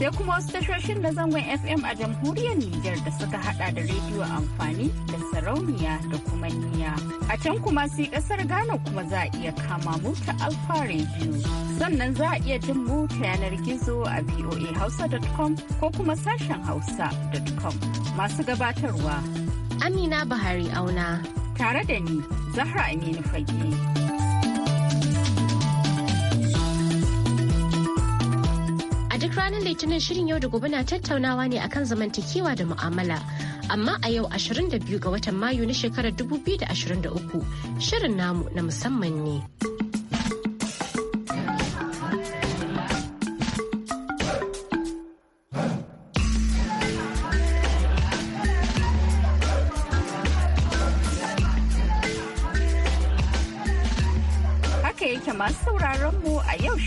sai kuma wasu tashoshin na zangon FM a jamhuriyar Nijar da suka hada da rediyo amfani da sarauniya da kuma niya. A can kuma sai kasar Ghana kuma za a iya kama mu ta Alfa Radio. Sannan za a iya jin mu yanar gizo a voahausa.com ko kuma sashen hausa.com. Masu gabatarwa. Amina Bahari Auna. Tare da ni, Zahra Aminu Fage. Litinin shirin yau da gobe na tattaunawa ne akan zamantakewa da mu'amala. Amma a yau 22 ga watan Mayu na shekarar 2023 shirin namu na musamman ne.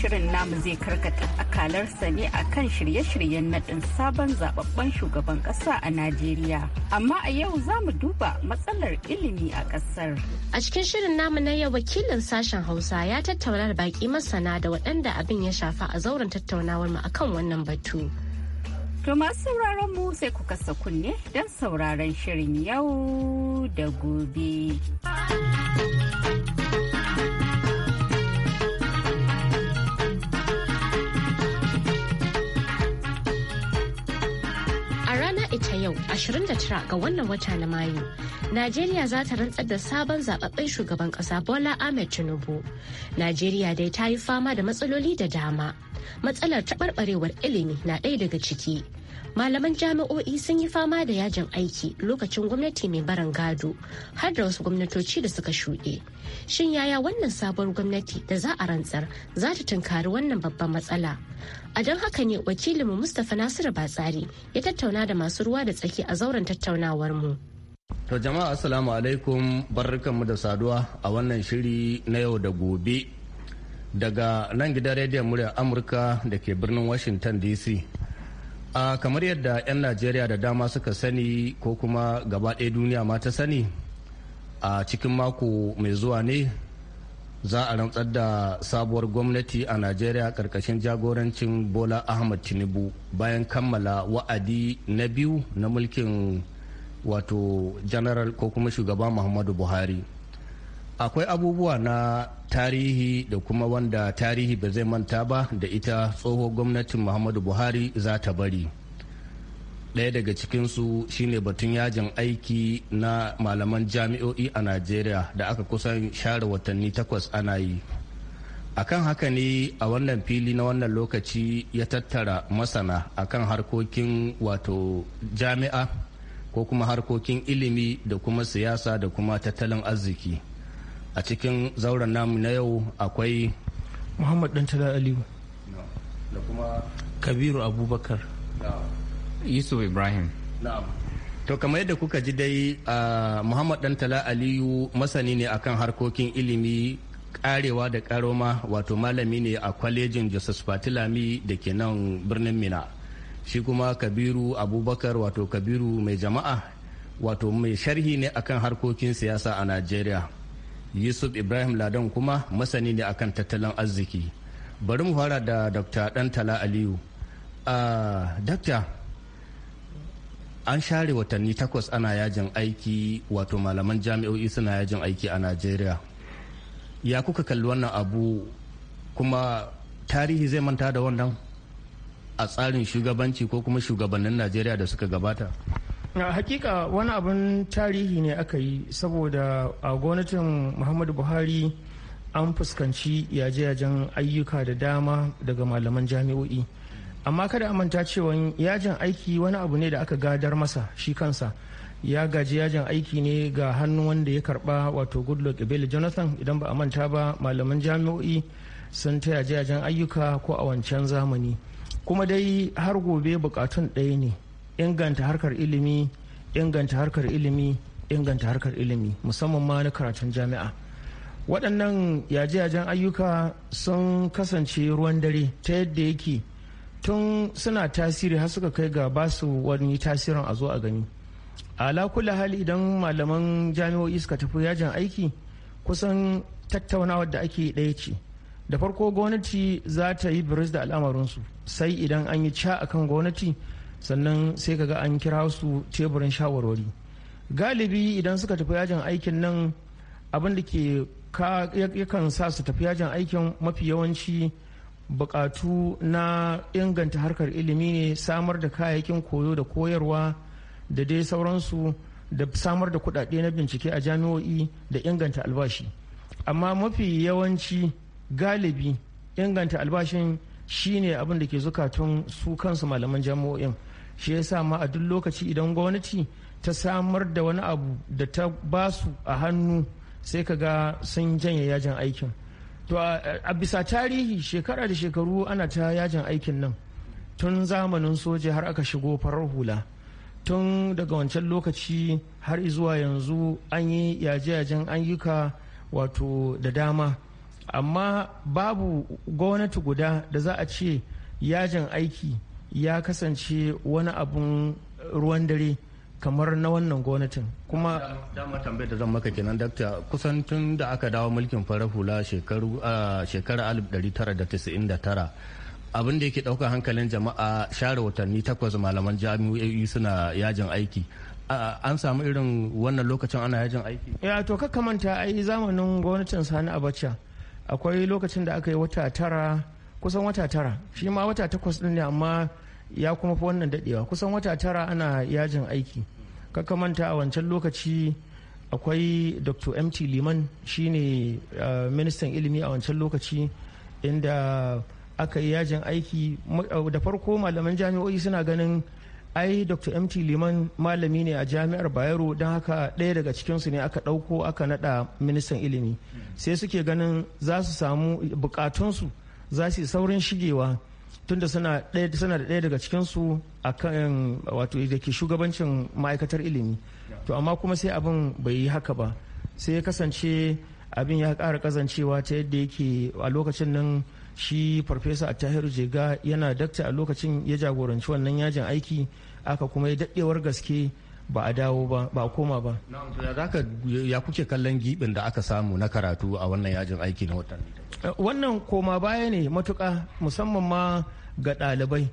shirin namu zai karkata akalarsa ne a kan shirye-shiryen naɗin sabon zababben shugaban ƙasa a Najeriya. Amma a yau za mu duba matsalar ilimi a ƙasar. A cikin shirin namu na yau wakilin sashen Hausa ya tattauna da baƙi masana da waɗanda abin ya shafa a zauren tattaunawar mu akan wannan batu. To masu sauraron mu sai ku kasa kunne don sauraron shirin yau da gobe. 29 ga wannan wata na Mayu, Najeriya za ta rantsar da sabon zababben shugaban kasa Bola Ahmed Tinubu. Najeriya dai ta yi fama da matsaloli da dama. Matsalar taɓarɓarewar ilimi na ɗaya daga ciki. Malaman jami'o'i sun yi fama da yajin aiki lokacin gwamnati mai baran gado har da wasu gwamnatoci da suka shuɗe. Shin yaya wannan sabuwar gwamnati da za a rantsar za ta tunkari wannan babban matsala? a don haka ne wakilinmu mustapha nasiru batsari ya tattauna da masu ruwa da tsaki a zauren tattaunawar mu to jama'a assalamu alaikum barkanmu da saduwa a wannan shiri na yau da gobe daga nan gidan rediyon muryar amurka da ke birnin washington dc a kamar yadda 'yan najeriya da dama suka sani ko kuma gaba ɗaya duniya ma ta sani a cikin mako mai zuwa ne za a rantsar da sabuwar gwamnati a najeriya karkashin jagorancin bola ahmad tinubu bayan kammala wa'adi na biyu na mulkin wato general ko kuma shugaba muhammadu buhari akwai abubuwa na tarihi da kuma wanda tarihi ba zai manta ba da ita tsohon gwamnatin muhammadu buhari za ta bari ɗaya daga cikinsu shine batun yajin aiki na malaman jami'o'i a najeriya da aka kusan share watanni takwas ana yi akan haka ne a wannan fili na wannan lokaci ya tattara masana akan harkokin wato jami'a ko kuma harkokin ilimi da kuma siyasa da kuma tattalin arziki a cikin zauren namu na yau akwai muhammad dantala aliyu da kuma kabiru abubakar yusuf ibrahim na'am to kamar yadda kuka ji dai muhammad tala aliyu masani ne akan harkokin ilimi karewa da karoma wato malami ne a kwalejin joseph fatilami da ke nan birnin mina shi kuma kabiru abubakar wato kabiru mai jama'a wato mai sharhi ne akan harkokin siyasa a najeriya yusuf ibrahim ladan kuma masani ne akan tattalin arziki bari mu fara da dr tala aliyu uh, an share watanni takwas ana yajin aiki wato malaman jami'o'i suna yajin aiki a najeriya ya kuka kalli wannan abu kuma tarihi zai manta da wannan a tsarin shugabanci ko kuma shugabannin najeriya da suka gabata na hakika wani abin tarihi ne aka yi saboda a gwamnatin muhammadu buhari an fuskanci yaje-yajen ayyuka da dama daga malaman jami'o'i. amma kada a manta cewa yajin aiki wani abu ne da aka gadar masa shi kansa ya gaji yajin aiki ne ga hannu wanda ya karba wato goodluck ebele jonathan idan ba a manta ba malaman jami'o'i sun taya yajin ayyuka ko a wancan zamani kuma dai har gobe bukatun ɗaya ne inganta harkar ilimi inganta harkar ilimi inganta harkar ilimi musamman ma na karatun jami'a waɗannan yaje-yajen ayyuka sun kasance ruwan dare ta yadda yake tun suna tasiri har suka kai ga basu wani tasirin a zo a gani ala kula hali idan malaman jami'o'i suka tafi yajin aiki kusan tattaunawar da ake ɗaya ce da farko gwamnati za ta yi biris da al'amarinsu sai idan an yi ca akan gwamnati sannan sai kaga an kira su teburin shawarwari galibi idan suka tafi yajin aikin nan abin da ke yakan sa su tafi yajin aikin mafi yawanci bukatu na inganta harkar ilimi ne samar da kayayyakin koyo da koyarwa da dai sauransu da samar da kudade na bincike a jami'o'i da inganta albashi amma mafi yawanci galibi inganta albashin shine abin da ke zukatun su kansu malaman jami'o'in shi yasa ma a duk lokaci idan gwamnati ta samar da wani abu da ta basu a hannu sai ka ga sun janye yajin aikin to a bisa tarihi shekara da shekaru ana ta yajin aikin nan tun zamanin soja har aka shigo farar hula tun daga wancan lokaci har zuwa yanzu an yi yaje-yajen ayyuka wato da dama amma babu gwamnati guda da za a ce yajin aiki ya kasance wani abun ruwan dare kamar na wannan gwamnatin kuma dama tambayar da zan maka kenan dakta kusan tun da aka dawo mulkin farar hula shekarar 1999 abin da yake ɗaukar hankalin jama'a share watanni takwas malaman jami'o'i suna yajin aiki an samu irin wannan lokacin ana yajin aiki ya eh, to ka kamanta yi zamanin gwamnatin sani abacha akwai lokacin da aka yi wata tara kusan wata tara shi ma wata takwas ɗin ne amma ya kuma fi wannan daɗewa kusan wata tara ana yajin aiki kaka manta a wancan lokaci akwai dr mt liman shine uh, ministan ilimi a wancan lokaci inda aka yi yajin aiki uh, da farko malaman jami'o'i suna ganin ai dr mt liman malami ne a jami'ar bayero don haka ɗaya daga cikinsu ne aka ɗauko aka naɗa ministan ilimi sai suke ganin za su samu bukatunsu za su yi saurin shigewa tunda suna da ɗaya daga cikinsu a kan wato da ke shugabancin ma'aikatar ilimi to amma kuma sai abin bai yi haka ba sai ya kasance abin ya kara kazancewa ta yadda yake a lokacin nan shi farfesa attahiru jega yana dakta a lokacin ya jagoranci wannan yajin aiki aka kuma ya daɗewar gaske ba a dawo ba ba a koma ba ya kuke kallon gibin da aka samu na karatu a wannan yajin aiki na watan eh, wannan koma baya ne matuka musamman ma ga ɗalibai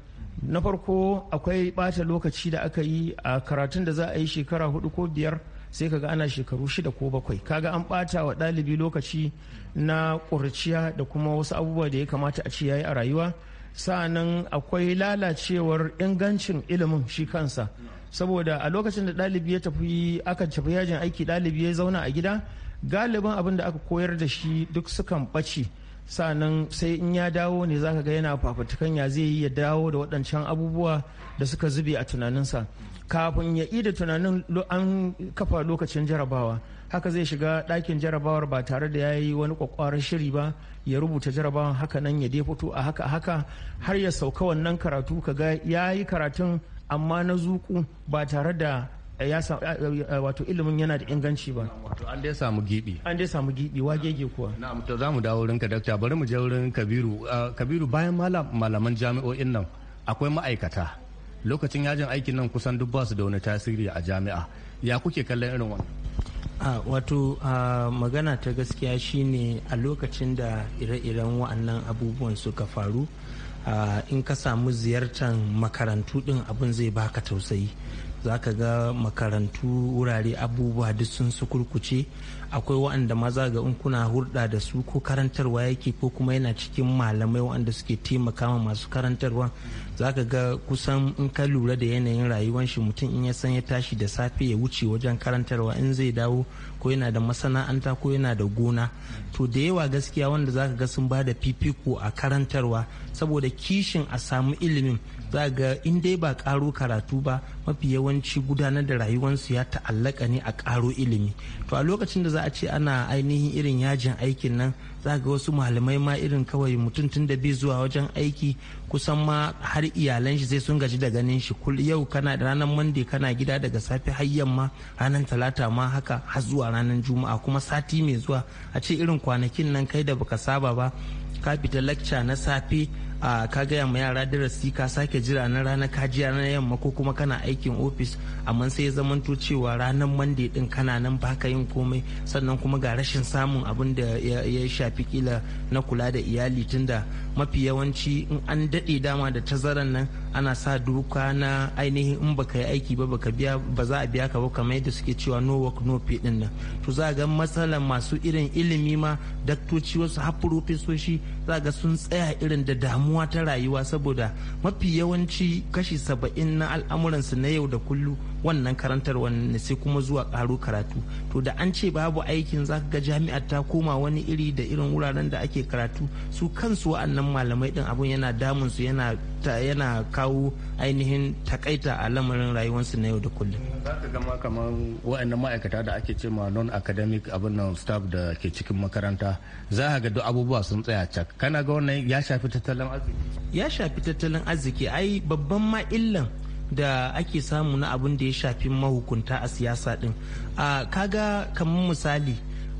na farko akwai ɓata lokaci da aka yi a karatun da za a yi shekara hudu ko biyar sai kaga ana shekaru shida ko bakwai kaga an ɓata wa ɗalibi lokaci na ƙurciya da kuma wasu abubuwa da ya kamata a ce yayi a rayuwa sa'annan akwai lalacewar ingancin ilimin shi kansa saboda a lokacin da ɗalibi ya tafi akan tafi yajin aiki ɗalibi ya zauna a gida galibin abin da aka koyar da shi duk sukan ɓace sannan sai in ya dawo ne za ka ga yana fafutukan ya zai yi ya dawo da waɗancan abubuwa da suka zube a tunaninsa kafin ya yi da tunanin an kafa lokacin jarabawa haka zai shiga ɗakin jarabawar ba tare da ya yi wani kwakwaran shiri ba ya rubuta jarabawan haka nan ya dai fito a haka haka har ya sauka wannan karatu ka ga ya yi karatun amma na zuku ba tare da eh, ya eh, eh, wato ilimin yana da inganci ba wato an dai samu gibi an dai samu gibi gege kuwa na'am to zamu dawo wurin dakta bari mu je wurin Kabiru ah, Kabiru bayan malaman jami'o'in nan akwai ma'aikata lokacin yajin aikin nan kusan duk ba da wani tasiri a jami'a ya kuke kallon irin wannan ah, wato ah, magana ta gaskiya shine a lokacin da ire-iren wannan abubuwan suka faru Ah, in ka samu ziyartar makarantu din abin zai baka tausayi za ka ga makarantu wurare abubuwa duk sun su kurkuce akwai waɗanda maza ga in kuna hulɗa da su ko karantarwa yake ko kuma yana cikin malamai waɗanda suke taimakawa masu karantarwa za ka ga kusan in ka lura da yanayin rayuwar shi mutum in ya san ya tashi da safe ya wuce wajen karantarwa in zai dawo ko yana da masana'anta ko yana da gona to da yawa gaskiya wanda za ka ga sun ba da fifiko a karantarwa saboda kishin a samu ilimin za ga in dai ba karo karatu ba mafi yawan yawanci gudanar da rayuwarsu ya ta'allaka ne a karo ilimi to a lokacin da za a ce ana ainihin irin yajin aikin nan za ga wasu malamai ma irin kawai mutum tun da bai zuwa wajen aiki kusan ma har iyalan shi sai sun gaji da ganin shi yau kana da ranar mande kana gida daga safe har yamma ranar talata ma haka har zuwa ranar juma'a kuma sati mai zuwa a ce irin kwanakin nan kai da baka saba ba ka fita lacca na safe a ka gaya ma yara darasi ka sake jira na rana ka jiya na yamma ko kuma kana aikin ofis amma sai ya zamanto cewa ranar mande din kana nan baka yin komai sannan kuma ga rashin samun abin da ya shafi kila na kula da iyali tunda mafi yawanci in an daɗe dama da tazaran nan ana sa duka na ainihin in baka yi aiki ba baka biya ba za a biya ka ba kamar yadda suke cewa no work no pay din nan to za ga matsalan masu irin ilimi ma daktoci wasu har profesoshi za ga sun tsaya irin da damu damuwa ta rayuwa saboda mafi yawanci kashi saba'in na al'amuransu na yau da kullu wannan karantar wannan sai kuma zuwa karu karatu to da an ce babu aikin zaka ga jami'ar ta koma wani iri da irin wuraren da ake karatu su kansu wa'annan malamai din abun yana damun su yana yana kawo ainihin takaita a lamarin rayuwarsu na yau da kullum za ka gama kamar wa'annan ma'aikata da ake ce ma non academic abin nan staff da ke cikin makaranta za ka ga duk abubuwa sun tsaya cak kana ga wannan ya shafi tattalin arziki ya shafi tattalin arziki ai babban ma illan da ake samu na abin da ya shafi mahukunta a siyasa din a kaga kamar misali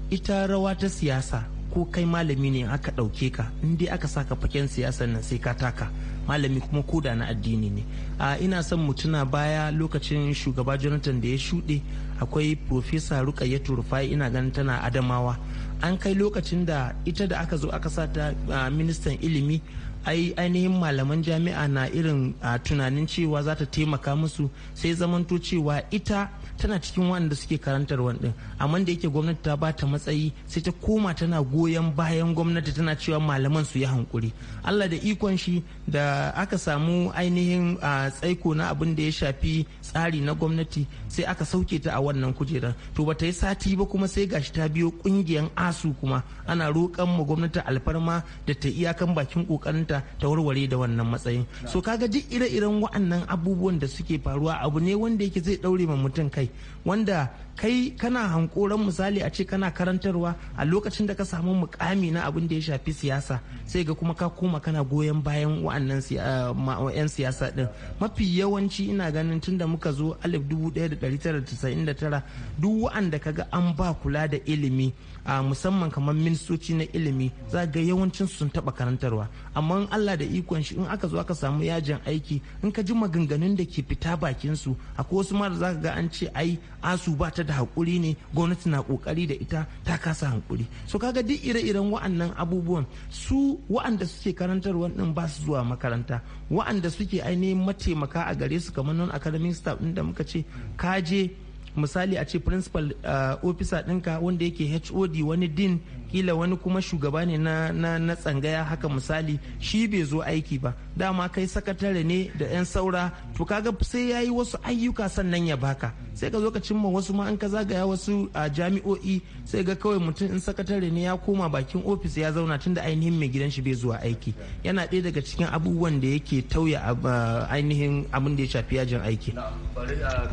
ita rawa ta siyasa ko kai malami ne aka ɗauke ka inda dai aka saka faken siyasar nan sai ka taka malami kuma koda na addini ne a ina son mutuna baya lokacin shugaba jonathan da ya shuɗe akwai profesa rukayyatu rufai ina ganin tana adamawa an kai lokacin da ita da aka zo aka sata ministan ilimi ai ainihin malaman jami'a na irin a tunanin cewa za ta taimaka musu sai zamanto cewa ita tana cikin wanda suke karantar ɗin amma da yake gwamnati ta bata matsayi sai ta koma tana goyon bayan gwamnati tana cewa malaman su yi hankuri allah da ikon shi da aka samu ainihin tsaiko na abin da ya shafi tsari na gwamnati sai aka sauke ta a wannan kujerar to bata yi sati ba kuma sai gashi ta biyo kungiyan asu kuma ana roƙan ma gwamnati alfarma da ta iyakan bakin kokarinta ta warware da wannan matsayin so kaga duk ire-iren waɗannan abubuwan da suke faruwa abu ne wanda yake zai ɗaure ma mutum kai wanda kai kana hankoran misali a ce kana karantarwa a lokacin da ka samu mukami na abin da ya shafi siyasa sai ga kuma ka koma kana goyon bayan wa'annan eh, yan siyasa din mafi yawanci ina ganin tun da muka zo 1999 duk wa'anda ga an ba kula da ilimi a musamman kamar ministoci na ilimi za ga yawancin sun taba karantarwa amma in Allah da ikon shi in aka zo aka samu yajin aiki in ka ji maganganun da ke fita bakin su akwai wasu mara za ga an ce ai asu ba ta da hakuri ne gwamnati na kokari da ita ta kasa hakuri so kaga duk ire-iren wa'annan abubuwan su wa'anda suke karantarwa din ba su zuwa makaranta wa'anda suke ainihin mataimaka a gare su kamar non academic staff din da muka ce ka je. misali a ce principal uh, officer dinka wanda yake hod wani din kila wani kuma shugaba ne na, na, na tsangaya haka misali shi bai zo aiki ba dama kai sakatare ne da 'yan saura to kaga sai ya yi wasu ayyuka sannan ya baka sai ka zo ka cimma wasu ma an ka zagaya wasu a uh, jami'o'i sai ga kawai mutum in sakatare ne ya koma bakin ofis ya zauna tun da ainihin mai gidan shi bai zuwa aiki yana ɗaya daga cikin abubuwan da yake tauya uh, ainihin abin da ya shafi yajin aiki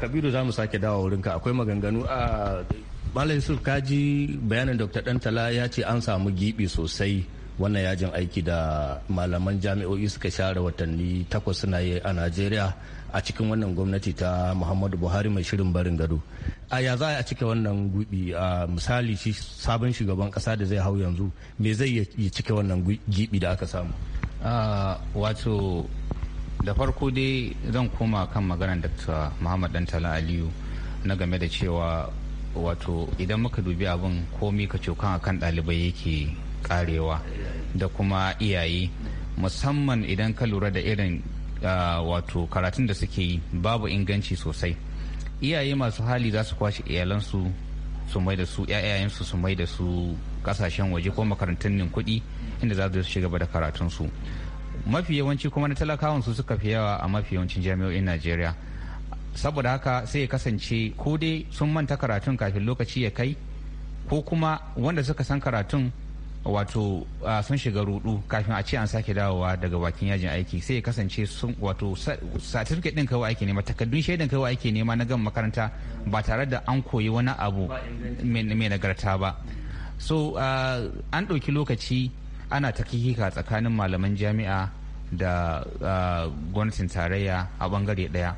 kabiru za mu sake dawo wurin akwai maganganu a malam yusuf kaji bayanin dr dantala ya ce an samu gibi sosai wannan yajin aiki da malaman jami'o'i suka share watanni takwas suna yi a najeriya a cikin wannan gwamnati ta muhammadu buhari mai shirin barin gado a ya za a cike wannan gubi a misali shi sabon shugaban kasa da zai hau yanzu me zai ya cike wannan gibi da aka samu wato da farko dai zan koma kan maganar dr muhammad dantala aliyu na game da cewa wato idan muka dubi abin komi ka cokan akan ɗalibai yake karewa da kuma iyaye musamman idan ka lura da irin wato karatun da suke yi babu inganci sosai iyaye masu hali za su kwashe iyalansu su mai da su yayayensu su mai da su kasashen waje ko makarantun nin kuɗi inda za su shiga da karatunsu mafi yawanci kuma na talakawan su suka fi yawa a mafi yawancin jami'o'in najeriya saboda haka sai ya kasance ko dai sun manta karatun kafin lokaci ya kai ko kuma wanda suka san karatun wato sun shiga rudu kafin a ce an sake dawowa daga bakin yajin aiki sai ya kasance sun wato certificate din kawai ake nema takaddun shaidan kawai ake nema na gama makaranta ba tare da an koyi wani abu mai nagarta ba so an ɗauki lokaci ana ta kikika tsakanin malaman jami'a da gwamnatin tarayya a bangare ɗaya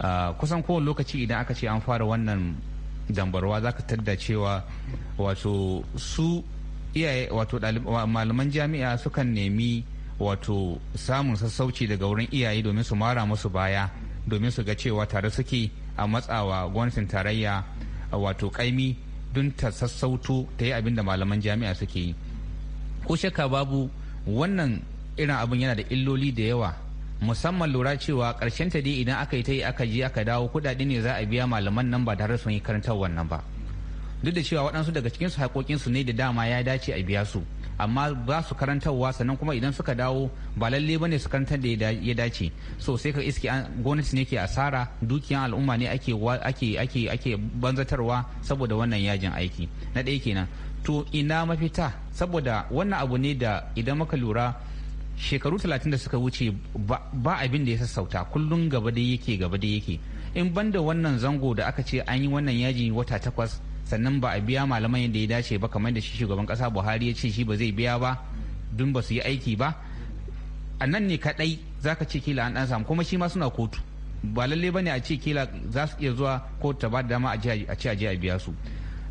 Ah, kusan kowane lokaci idan aka ce an fara wannan dambarwa za ka tadda cewa wato su iyaye wato malaman jami'a sukan nemi wato samun sassauci daga wurin iyaye domin su mara musu baya domin su ga cewa tare suke a matsawa gwamnatin tarayya wato kaimi don ta sassauto ta yi abin da malaman jami'a suke yi ko shakka babu wannan irin abin yana da illoli da yawa musamman lura cewa karshen ta dai idan aka yi ta yi aka je aka dawo kuɗaɗe ne za a biya malaman nan ba tare sun yi karantar wannan ba duk da cewa waɗansu daga cikinsu haƙoƙinsu ne da dama ya dace a biya su amma ba su karantarwa sannan kuma idan suka dawo ba lalle ne su karantar da ya dace so sai ka iske gwamnati ne ke asara dukiyan al'umma ne ake ake ake ake banzatarwa saboda wannan yajin aiki na ɗaya kenan to ina mafita saboda wannan abu ne da idan muka lura shekaru talatin da suka wuce ba abin da ya sassauta kullum gaba da yake gaba da yake in banda wannan zango da aka ce an yi wannan yaji wata takwas sannan ba a biya malaman yadda ya dace ba kamar da shi shugaban kasa buhari ya ce shi ba zai biya ba dun ba su yi aiki ba a nan ne kadai za ka ce kila an dan samu kuma shi ma suna kotu ba lalle ba ne a ce kila za su iya zuwa kotu ta ba da dama a ce a biya su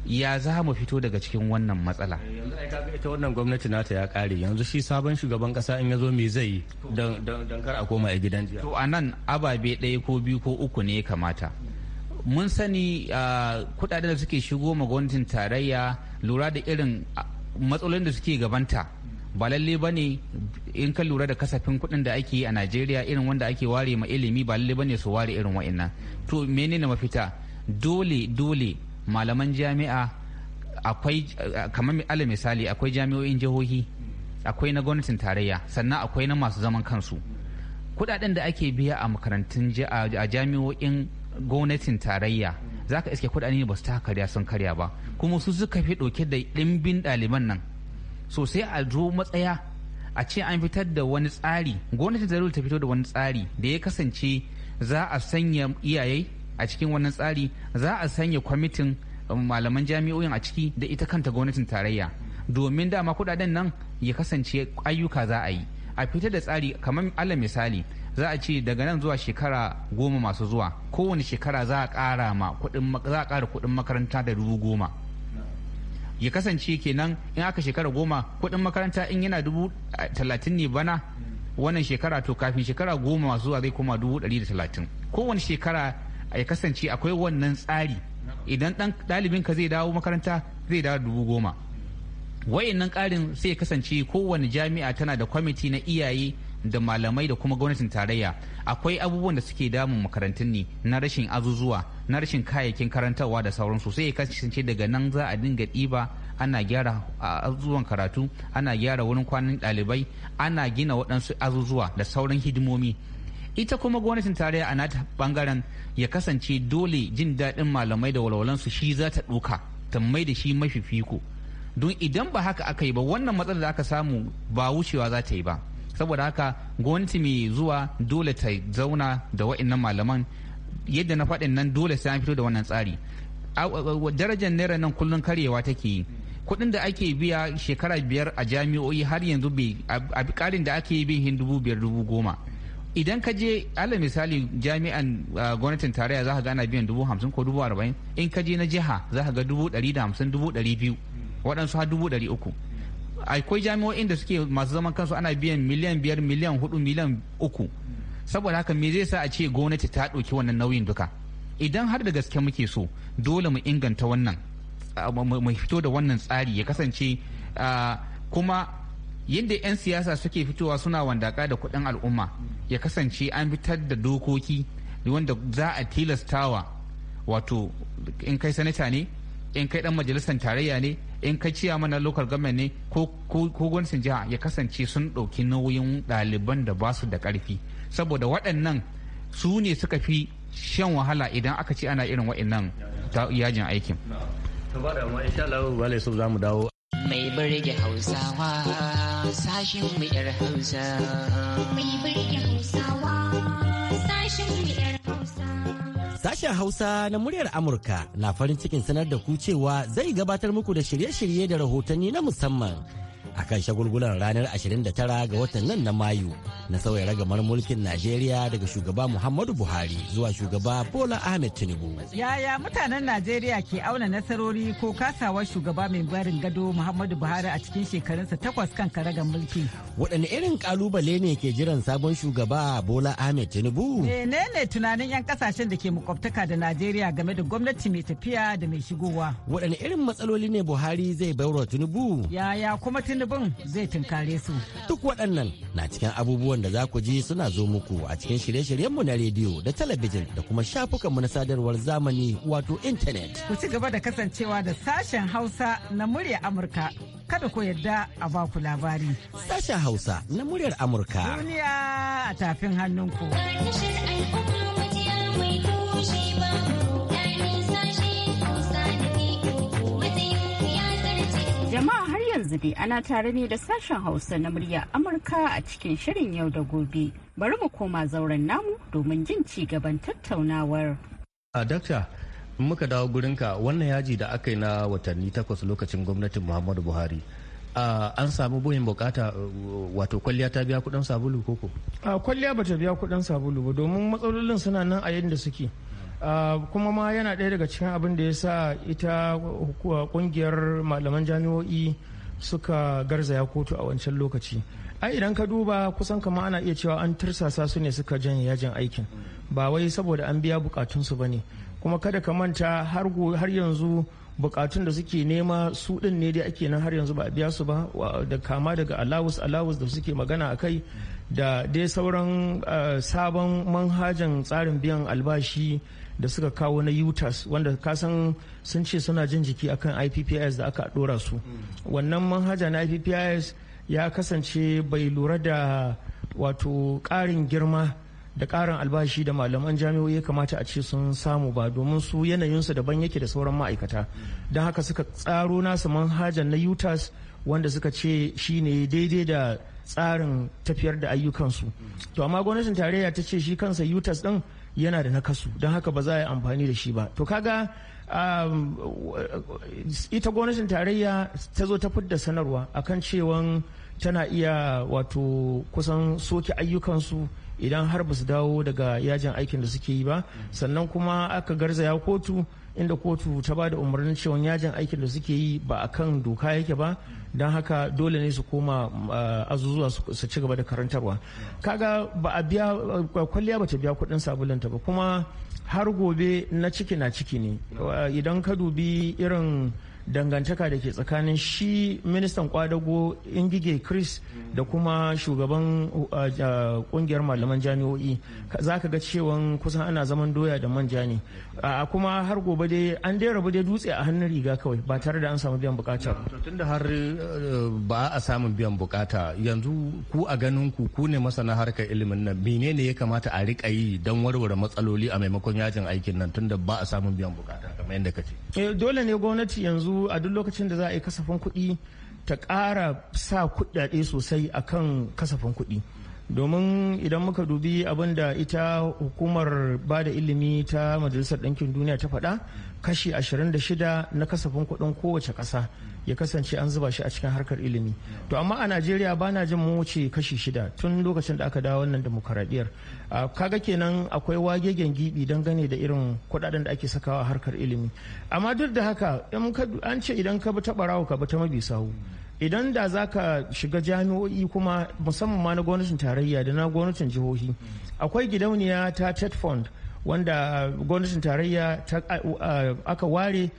ya za mu fito daga cikin wannan matsala ita wannan gwamnati nata ya kare yanzu shi sabon shugaban kasa in ya zo me zai yi don kar a koma a gidan jiya to a nan ababe ɗaya ko biyu ko uku ne ya kamata mun sani ah, kudaden da suke shigo ma gwamnatin tarayya lura da irin ah, matsalolin da suke gabanta ba lalle ba ne in ka lura da kasafin kuɗin da ake yi a najeriya irin wanda ake ware ma ilimi ba lalle ba ne su ware irin wa'annan to menene mafita dole dole malaman jami'a akwai kamar ala misali akwai jami'o'in jihohi akwai na gwamnatin tarayya sannan akwai na masu zaman kansu kudaden da ake biya a makarantun a jami'o'in gwamnatin tarayya za ka iske kudaden ba su ta karya sun karya ba kuma su suka fi ɗauke da ɗimbin daliban nan sosai a zo matsaya a ce an fitar da wani tsari gwamnati tarayya ta fito da wani tsari da ya kasance za a sanya iyaye a cikin wannan tsari za a sanya kwamitin um, malaman jami'o'in a ciki da ita kanta gwamnatin tarayya domin dama kudaden nan ya kasance ayyuka za a yi a fitar da tsari kamar alal misali za a ce daga nan zuwa shekara goma masu zuwa kowane shekara za a ƙara ma za a ƙara kuɗin makaranta da dubu goma ya kasance kenan in aka shekara goma kuɗin makaranta in yana dubu talatin ne bana wannan shekara to kafin shekara goma masu zuwa zai koma dubu ɗari da talatin kowane shekara ya kasance akwai wannan tsari idan dan ɗalibin ka zai dawo makaranta zai dawo dubu goma wayannan ƙarin sai ya kasance kowane jami'a tana da kwamiti na iyaye da malamai da kuma gwamnatin tarayya akwai abubuwan da suke damun makarantun ne na rashin azuzuwa na rashin kayayyakin karantarwa da sauransu sai ya kasance daga nan za a dinga ɗiba ana gyara azuzuwan karatu ana gyara wurin kwanan ɗalibai ana gina waɗansu azuzuwa da sauran hidimomi ita kuma gwamnatin tarayya a nata bangaren ya kasance dole jin daɗin malamai da walwalansu shi za ta ɗuka ta mai da shi mafi fiko don idan ba haka aka yi ba wannan matsalar da aka samu ba wucewa za ta yi ba saboda haka gwamnati mai zuwa dole ta zauna da wa'annan malaman yadda na faɗin nan dole sai an fito da wannan tsari darajar naira nan kullum karyewa take yi kuɗin da ake biya shekara biyar a jami'o'i har yanzu bai a ƙarin da ake yi bin dubu biyar dubu goma idan ka je ala misali jami'an ah, gwamnatin tarayya za ka gana biyan dubu hamsin ko dubu arba'in in ka je na jiha za ka ga dubu dari da hamsin dubu dari biyu waɗansu har dubu dari uku akwai jami'o'in da suke masu zaman kansu ana biyan miliyan biyar miliyan hudu miliyan uku saboda haka me zai sa a ce gwamnati ta ɗauki wannan nauyin duka idan har da gaske muke so dole mu inganta wannan ah, mu fito da wannan tsari ya kasance ah, kuma yadda 'yan siyasa suke fitowa suna wandaka da kuɗin al'umma ya kasance an fitar da dokoki wanda za a tilastawa wato in kai sanata ne in kai dan majalisar tarayya ne in kai ciya mana local government ne ko gwamnatin jiha ya kasance sun ɗauki nauyin ɗaliban da basu da ƙarfi saboda waɗannan su ne suka fi shan wahala idan aka ce ana irin waɗannan yajin aikin. insha mai burge hausawa sashin mu yar hausa mai birge hausawa sashin mu yar Sashen Hausa na muryar Amurka na farin cikin sanar da ku cewa zai gabatar muku da shirye-shirye da rahotanni na musamman a kan shagulgulan ranar 29 ga watan nan na mayu na sauya ragamar mulkin najeriya daga shugaba muhammadu buhari zuwa shugaba bola ahmed tinubu yaya mutanen najeriya ke auna nasarori ko kasawar shugaba mai barin gado muhammadu buhari a cikin shekarunsa takwas kan karagar mulki waɗanne irin kalubale ne ke jiran sabon shugaba bola ahmed tinubu menene tunanin yan kasashen da ke makwabtaka da najeriya game da gwamnati mai tafiya da mai shigowa waɗanne irin matsaloli ne buhari zai baiwa tinubu yaya kuma tinubu bin zai tunkare su. Duk waɗannan na cikin abubuwan da za ku ji suna zo muku a cikin shirye-shiryenmu na rediyo da talabijin da kuma shafukanmu na sadarwar zamani wato intanet. Ku ci gaba da kasancewa da sashen Hausa na murya Amurka. Kada ku yarda a ba ku labari. Sashen Hausa na muryar Amurka. Duniya a tafin hannunku. Jama'a har yanzu dai ana tare ne da sashen Hausa na murya Amurka a cikin shirin yau da gobe. Bari mu koma zauren namu domin jin ci gaban tattaunawar. A dakta, muka dawo gurinka wannan yaji da aka yi na watanni takwas lokacin gwamnatin Muhammadu Buhari. an samu boyin bukata wato kwalliya ta biya kudin sabulu koko? Uh, kwalliya bata biya kudin sabulu ba domin matsalolin suna nan a yadda suke. Ah, kuma ma yana ɗaya daga cikin abin da ya sa ita kungiyar malaman jami'o'i suka garzaya kotu a wancan lokaci ai idan ka duba kusan kama ana iya cewa an tirsasa su ne suka janye yajin aikin ba wai saboda an biya bukatunsu ba ne kuma kada ka manta har yanzu bukatun da suke nema su din ne dai ake nan har yanzu ba a biya su ba da kama daga alawus alawus da suke magana a kai da dai sauran ah, sabon manhajan tsarin biyan albashi da suka kawo na utas wanda kasan sun ce suna jin jiki akan ippis da aka dora su wannan manhaja na ippis ya kasance bai lura da wato ƙarin girma da ƙarin albashi da malaman jami'o'i ya kamata a ce sun samu ba domin su yanayinsu daban yake da sauran ma'aikata don haka suka tsaro nasu manhajan na utas wanda suka ce shine daidai da tsarin tafiyar da ayyukansu to amma gwamnatin tarayya ta ce shi kansa utas din yana da nakasu don haka ba za a yi amfani da shi ba to kaga um, ita gwamnatin tarayya ta zo ta fidda sanarwa akan cewan tana iya wato kusan soke ayyukansu idan har ba su dawo daga yajin aikin da suke yi ba sannan kuma aka garzaya kotu inda kotu ta ba da umarnin cewa yajin aikin da suke yi ba a kan doka yake ba don haka dole ne su koma eh, azuzuwa su ci gaba da karantarwa kaga ba a biya kwalliya ba ta biya kudin sabulanta ba kuma har gobe na ciki na ciki ne idan ka dubi irin dangantaka da ke tsakanin shi ministan kwadago ingige chris da kuma shugaban uh, kungiyar malaman jami'o'i za ka ga cewa kusan ana zaman doya da manja ne kuma har gobe dai an dai rabu dai dutse a hannun riga kawai ba tare da an samu biyan bukata tun da har uh, ba a samun biyan bukata yanzu ku a ganin ku ku ne masana harkar ilimin nan menene ya kamata a rika yi don warware matsaloli a maimakon yajin aikin nan tun ba a samun biyan bukata kamar yadda ka ce eh, dole ne gwamnati yanzu a duk lokacin da za a yi kasafin kuɗi ta ƙara sa kuɗaɗe sosai a kan kasafin kuɗi domin idan muka dubi abin da ita hukumar ba da ilimi ta majalisar ɗinkin duniya ta faɗa kashi 26 na kasafin kuɗin kowace ƙasa ya kasance an zuba shi a cikin harkar ilimi to amma a najeriya ba na jin mu wuce kashi shida tun lokacin da aka dawo wannan demokaradiyar kaga kenan akwai wagegen gibi dangane da irin kudaden da ake sakawa a harkar ilimi amma duk da haka an ce idan ka bi ta rawa ka bi ta mabi sahu idan da za ka shiga jami'o'i kuma musamman ma na gwamnatin tarayya da na gwamnatin jihohi akwai gidauniya ta tet fund wanda gwamnatin tarayya aka ware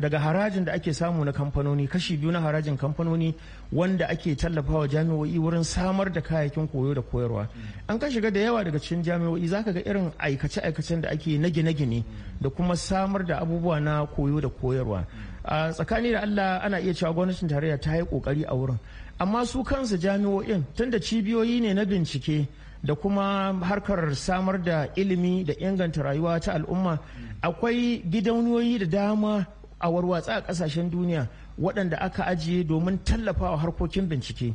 daga harajin da ake samu na kamfanoni kashi biyu na harajin kamfanoni wanda ake tallafawa jami'o'i wurin samar da kayayyakin koyo da koyarwa an ka shiga da yawa daga cikin jami'o'i zaka ga irin aikace-aikacen da ake na gine-gine da kuma samar da abubuwa na koyo da koyarwa a tsakani da allah ana iya cewa gwamnatin tarayya ta yi kokari a wurin amma su kansu jami'o'in tunda cibiyoyi ne na bincike da kuma harkar samar da ilimi da inganta rayuwa ta al'umma akwai gidauniyoyi da dama a warwatsa a kasashen duniya waɗanda aka ajiye domin tallafawa harkokin bincike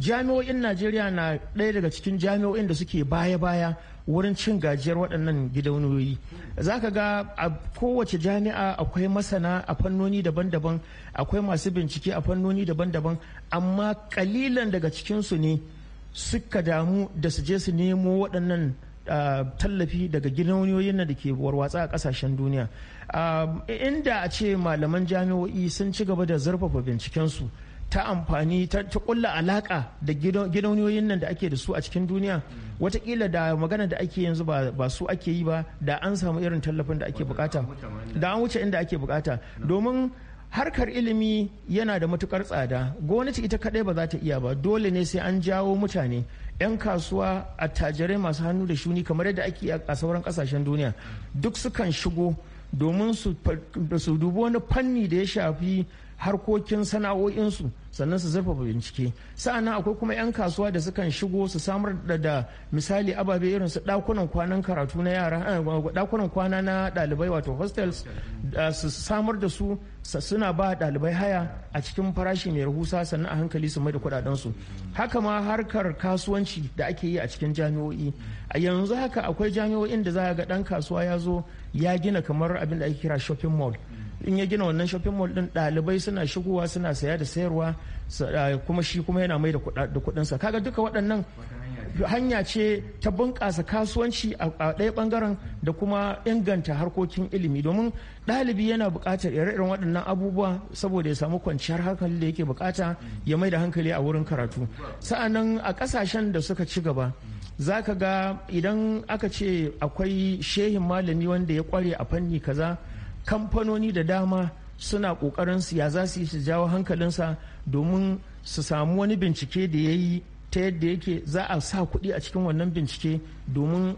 jami'o'in najeriya na ɗaya daga cikin jami'o'in da suke baya-baya wurin cin gajiyar waɗannan gidauniyoyi za ka ga a kowace jami'a akwai masana a fannoni daban-daban akwai masu bincike a fannoni daban-daban amma kalilan daga cikinsu ne suka damu da su je su nemo waɗannan tallafi daga gidauniyoyin da ke warwatsa a ƙasashen duniya inda a ce malaman jami'o'i sun ci gaba da zurfafa bincikensu ta amfani ta kulla alaka da gidauniyoyin nan da ake da su a cikin duniya watakila da magana da ake yanzu ba su ake yi ba da an samu irin tallafin da ake bukata da an wuce inda ake bukata domin harkar ilimi yana da matukar tsada gwamnati ita kadai ba za ta iya ba dole ne sai an jawo mutane 'yan kasuwa attajirai masu hannu da shuni kamar yadda ake a sauran kasashen duniya duk sukan shigo domin su dubi wani fanni da ya shafi harkokin sana'o'insu sannan su zurfafa bincike sa'annan akwai kuma 'yan kasuwa da sukan shigo su samar da misali ababe irin su dakunan kwanan karatu na yara dakunan eh, kwana na dalibai wato hostels su samar da su suna ba dalibai haya a cikin farashi mai rahusa sannan a hankali su mai da kudaden su haka ma harkar kasuwanci da ake yi a cikin jami'o'i a yanzu haka akwai jami'o'in da za ga dan kasuwa ya zo ya gina kamar abin da ake kira shopping mall in ya gina wannan shopping mall din ɗalibai suna shigowa suna saya da sayarwa kuma shi kuma yana mai da kuɗinsa kaga duka waɗannan hanya ce ta bunƙasa kasuwanci a ɗaya ɓangaren da kuma inganta harkokin ilimi domin ɗalibi yana buƙatar ire-iren waɗannan abubuwa saboda ya samu kwanciyar hankali da yake buƙata ya mai da hankali a wurin karatu sa'annan a ƙasashen da suka ci gaba za ka ga idan aka ce akwai shehin malami wanda ya kware a fanni kaza kamfanoni da dama suna kokarin su ya za su yi jawo hankalinsa domin su samu wani bincike da ya yi ta yadda yake za a sa kuɗi a cikin wannan bincike domin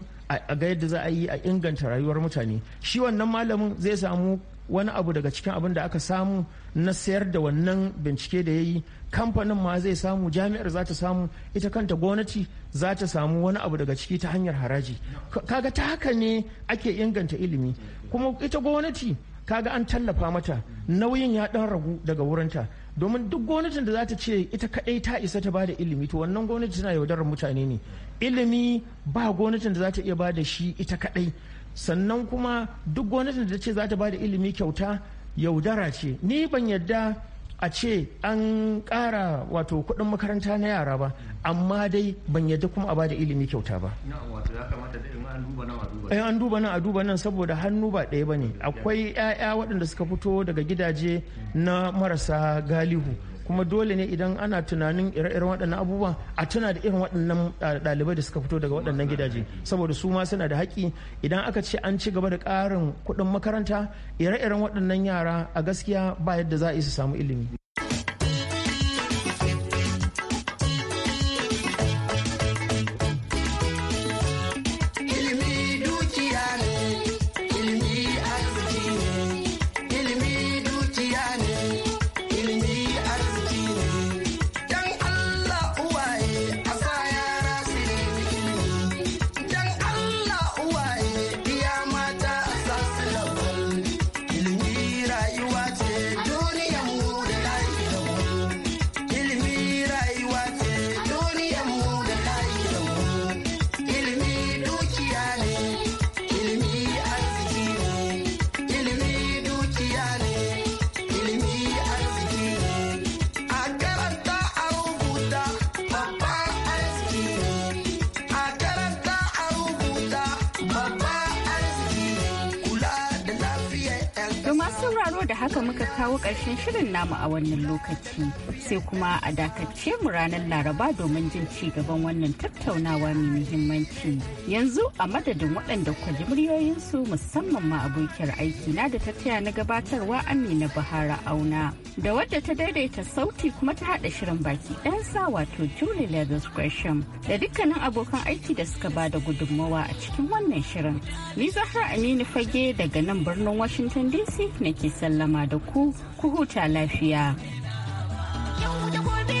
a ga yadda za a yi a inganta rayuwar mutane shi wannan malamin zai samu wani abu daga cikin abin da aka samu na sayar da wannan bincike da ya yi kamfanin ma zai samu jami'ar za ta samu ita kanta gwamnati za ta samu wani abu daga ciki ta hanyar haraji kaga ta haka ne ake inganta ilimi kuma ita gwamnati kaga an tallafa mata nauyin ya dan ragu daga wurinta domin duk gwamnatin da za ta ce ita kadai ta isa ta bada ilimi to wannan gwamnati tana yaudarar mutane ne ilimi ba gwamnatin da za ta iya bada shi ita kadai sannan kuma duk gwamnatin da ta ce za ta bada ilimi kyauta yaudara ce ni ban yadda a ce an ƙara wato kuɗin makaranta na yara ba amma dai ban yadda kuma a bada ilimi kyauta ba in an duba nan a duba nan saboda hannu ba ɗaya ba ne akwai 'ya'ya waɗanda suka fito daga gidaje na marasa galihu kuma dole ne idan ana tunanin ire-iren waɗannan abubuwa a tuna da irin waɗannan ɗalibai da suka fito daga waɗannan gidaje saboda su ma suna da haƙƙi idan aka ce an ci gaba da ƙarin kuɗin makaranta ire-iren waɗannan yara a gaskiya ba yadda za a yi su samu ilimi da haka muka kawo ƙarshen shirin namu a wannan lokaci sai kuma a dakace mu ranar laraba domin jin ci gaban wannan tattaunawa mai muhimmanci yanzu a madadin waɗanda kwaji muryoyinsu musamman ma abokiyar aiki na da ta taya na gabatarwa amina bahara auna da wadda ta daidaita sauti kuma ta haɗa shirin baki ɗansa wato julie leathers gresham da dukkanin abokan aiki da suka ba da gudunmawa a cikin wannan shirin ni zahra aminu fage daga nan birnin washington dc nake sa sallama da ku ku huta lafiya. Yau gobe.